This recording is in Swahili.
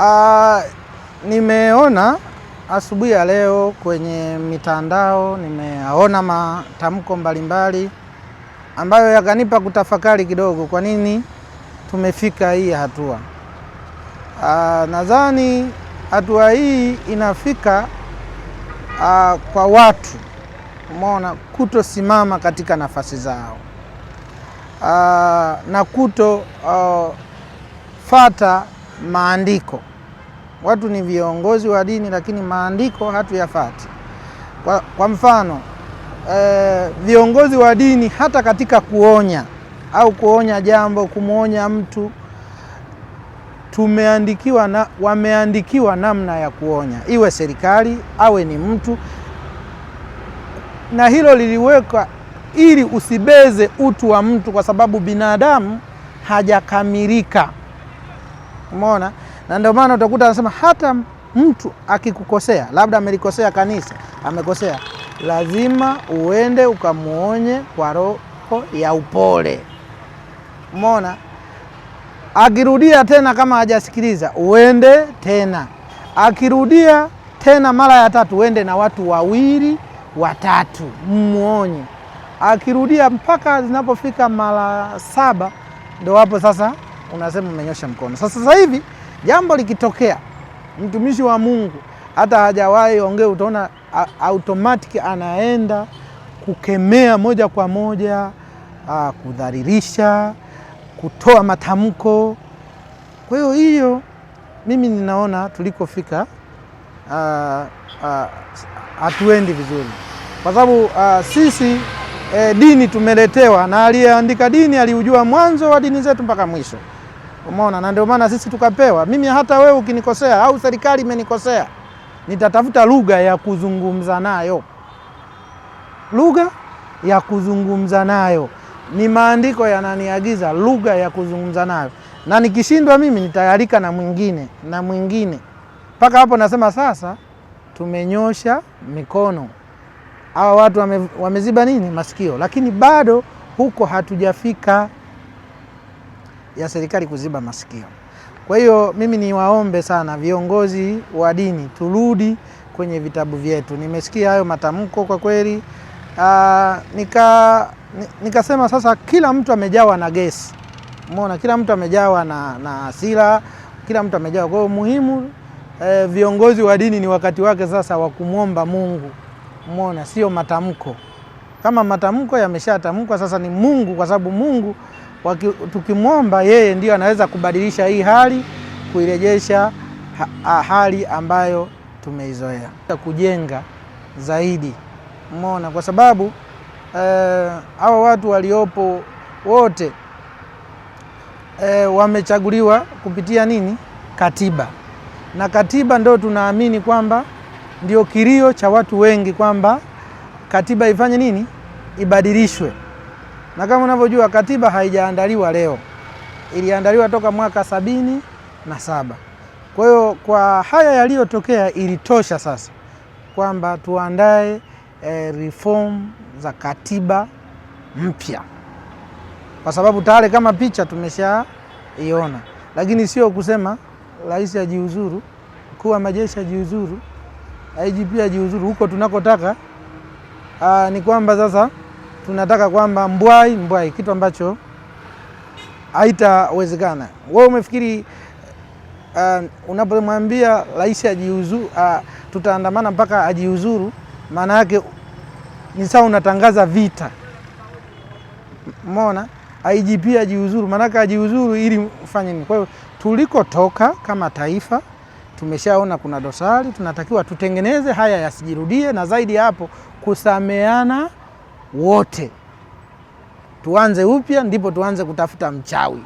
Uh, nimeona asubuhi ya leo kwenye mitandao nimeaona matamko mbalimbali ambayo yakanipa kutafakari kidogo, kwa nini tumefika hii hatua. Uh, nadhani hatua hii inafika uh, kwa watu umeona, kutosimama katika nafasi zao uh, na kuto uh, fata maandiko watu ni viongozi wa dini, lakini maandiko hatuyafati. Kwa, kwa mfano e, viongozi wa dini hata katika kuonya au kuonya jambo, kumwonya mtu tumeandikiwa na, wameandikiwa namna ya kuonya, iwe serikali awe ni mtu, na hilo liliwekwa ili usibeze utu wa mtu, kwa sababu binadamu hajakamilika. Umeona? na ndio maana utakuta anasema hata mtu akikukosea, labda amelikosea kanisa, amekosea, lazima uende ukamuonye kwa roho ya upole. Umeona, akirudia tena kama hajasikiliza, uende tena. Akirudia tena mara ya tatu, uende na watu wawili watatu, mmuonye. Akirudia mpaka zinapofika mara saba, ndo hapo sasa unasema umenyosha mkono. Sasa sasa hivi Jambo likitokea mtumishi wa Mungu hata hajawahi ongea, utaona automatic anaenda kukemea moja kwa moja, kudharirisha kudhalilisha, kutoa matamko. Kwa hiyo hiyo mimi ninaona tulikofika hatuendi vizuri, kwa sababu sisi e, dini tumeletewa na aliyeandika dini aliujua mwanzo wa dini zetu mpaka mwisho. Umeona, na ndio maana sisi tukapewa. Mimi hata wewe ukinikosea au serikali imenikosea, nitatafuta lugha ya kuzungumza nayo, lugha ya kuzungumza nayo ni maandiko yananiagiza lugha ya kuzungumza nayo, na nikishindwa mimi nitayalika na mwingine na mwingine mpaka hapo. Nasema sasa tumenyosha mikono, hawa watu wame, wameziba nini masikio, lakini bado huko hatujafika ya serikali kuziba masikio. Kwa hiyo mimi niwaombe sana viongozi wa dini turudi kwenye vitabu vyetu. Nimesikia hayo matamko kwa kweli, ah, nika nikasema sasa, kila mtu amejawa na gesi, umeona, kila mtu amejawa na na hasira, kila mtu amejawa. Kwa hiyo muhimu e, viongozi wa dini ni wakati wake sasa wa kumwomba Mungu, umeona, sio matamko. Kama matamko yameshatamkwa, sasa ni Mungu, kwa sababu Mungu tukimwomba yeye ndiyo anaweza kubadilisha hii hali kuirejesha ha hali ambayo tumeizoea, kujenga zaidi. mona kwa sababu eh, hawa watu waliopo wote eh, wamechaguliwa kupitia nini? Katiba. Na katiba ndo tunaamini kwamba ndio kilio cha watu wengi kwamba katiba ifanye nini? Ibadilishwe na kama unavyojua katiba haijaandaliwa leo, iliandaliwa toka mwaka sabini na saba. Kwa hiyo kwa haya yaliyotokea, ilitosha sasa kwamba tuandae e, reform za katiba mpya, kwa sababu tayari kama picha tumeshaiona, lakini sio kusema rais ajiuzuru, mkuu wa majeshi ajiuzuru, IGP ajiuzuru. Huko tunakotaka ah, ni kwamba sasa tunataka kwamba mbwai mbwai, kitu ambacho haitawezekana. Wewe umefikiri uh, unapomwambia rais ajiuzuru, uh, tutaandamana mpaka ajiuzuru, maana yake ni sawa unatangaza vita. mona IGP ajiuzuru, maana yake ajiuzuru ili ufanye nini? Kwa hiyo tulikotoka kama taifa tumeshaona kuna dosari, tunatakiwa tutengeneze haya yasijirudie, na zaidi ya hapo kusameana wote, tuanze upya, ndipo tuanze kutafuta mchawi.